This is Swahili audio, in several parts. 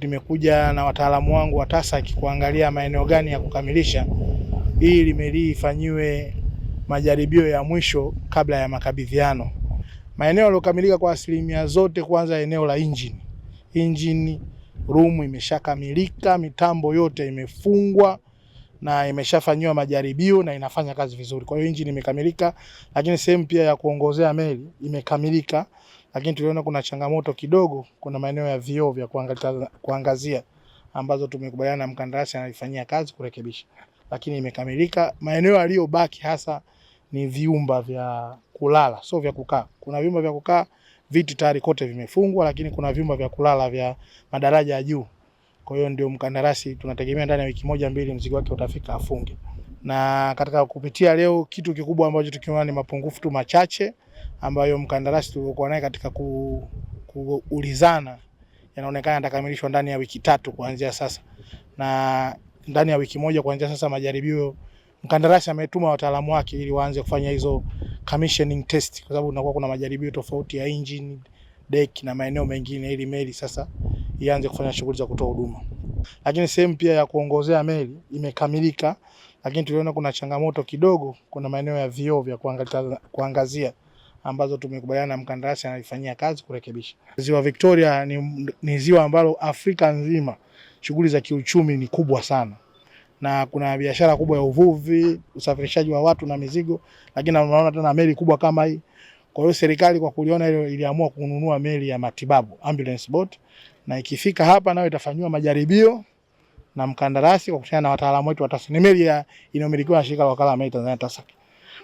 Nimekuja na wataalamu wangu wa TASAC kuangalia maeneo gani ya kukamilisha ili meli ifanyiwe majaribio ya mwisho kabla ya makabidhiano. Maeneo yaliyokamilika kwa asilimia zote, kwanza eneo la injini. Injini rumu imeshakamilika, mitambo yote imefungwa na imeshafanyiwa majaribio na inafanya kazi vizuri. Kwa hiyo injini imekamilika, lakini sehemu pia ya kuongozea meli imekamilika lakini tuliona kuna changamoto kidogo, kuna maeneo ya vioo vya kuangazia ambazo tumekubaliana na mkandarasi anaifanyia kazi kurekebisha, lakini imekamilika. Maeneo yaliyobaki hasa ni viumba vya kulala, sio vya kukaa. Kuna vyumba vya kukaa viti tayari kote vimefungwa, lakini kuna vyumba vya kulala vya madaraja ya juu. Kwa hiyo ndio mkandarasi tunategemea ndani ya wiki moja mbili mzigo wake utafika afunge. Na katika kupitia leo, kitu kikubwa ambacho tukiona ni mapungufu tu machache ambayo mkandarasi tuliokuwa naye katika kuulizana yanaonekana yatakamilishwa ndani ya wiki tatu kuanzia sasa, na ndani ya wiki moja kuanzia sasa majaribio, mkandarasi ametuma wataalamu wake ili waanze kufanya hizo commissioning test, kwa sababu unakuwa kuna majaribio tofauti ya engine, deck na maeneo mengine, ili meli sasa ianze kufanya shughuli za kutoa huduma. Lakini sehemu pia ya kuongozea meli imekamilika, lakini tuliona kuna changamoto kidogo, kuna maeneo ya vioo vya kuangazia ambazo tumekubaliana na mkandarasi anaifanyia kazi kurekebisha. Ziwa Victoria ni, ni ziwa ambalo Afrika nzima shughuli za kiuchumi ni kubwa sana na kuna biashara kubwa ya uvuvi, usafirishaji wa watu na mizigo, lakini unaona tena meli kubwa kama hii. Kwa hiyo serikali kwa kuliona hilo iliamua kununua meli ya matibabu ambulance boat, na ikifika hapa nayo itafanywa majaribio na mkandarasi kwa kushirikiana na wataalamu wetu wa TASAC. Ni meli inayomilikiwa na shirika la wakala wa meli Tanzania TASAC.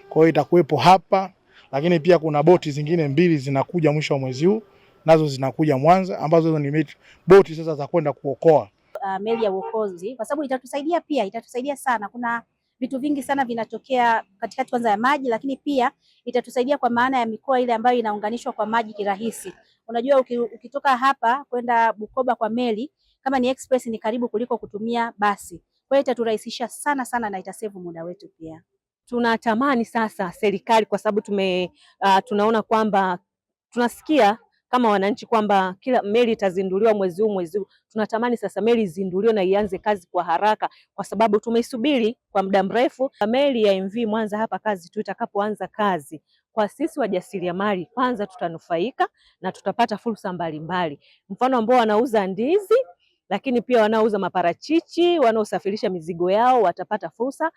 Kwa hiyo itakuwepo hapa lakini pia kuna boti zingine mbili zinakuja mwisho wa mwezi huu, nazo zinakuja Mwanza, ambazo hizo ni boti sasa za kwenda kuokoa uh, meli ya uokozi, kwa sababu itatusaidia pia, itatusaidia sana. Kuna vitu vingi sana vinatokea katikati kwanza ya maji, lakini pia itatusaidia kwa maana ya mikoa ile ambayo inaunganishwa kwa maji kirahisi. Unajua, ukitoka hapa kwenda Bukoba kwa meli kama ni express ni karibu kuliko kutumia basi, kwa hiyo itaturahisisha sana sana na itasevu muda wetu pia tunatamani sasa serikali kwa sababu tume uh, tunaona kwamba tunasikia kama wananchi kwamba kila meli itazinduliwa mwezi huu mwezi huu. Tunatamani sasa meli izinduliwe na ianze kazi kwa haraka, kwa sababu tumeisubiri kwa muda mrefu meli ya MV Mwanza hapa kazi tu. Itakapoanza kazi kwa sisi wajasiriamali, kwanza tutanufaika na tutapata fursa mbalimbali, mfano ambao wanauza ndizi lakini pia wanaouza maparachichi, wanaosafirisha mizigo yao watapata fursa.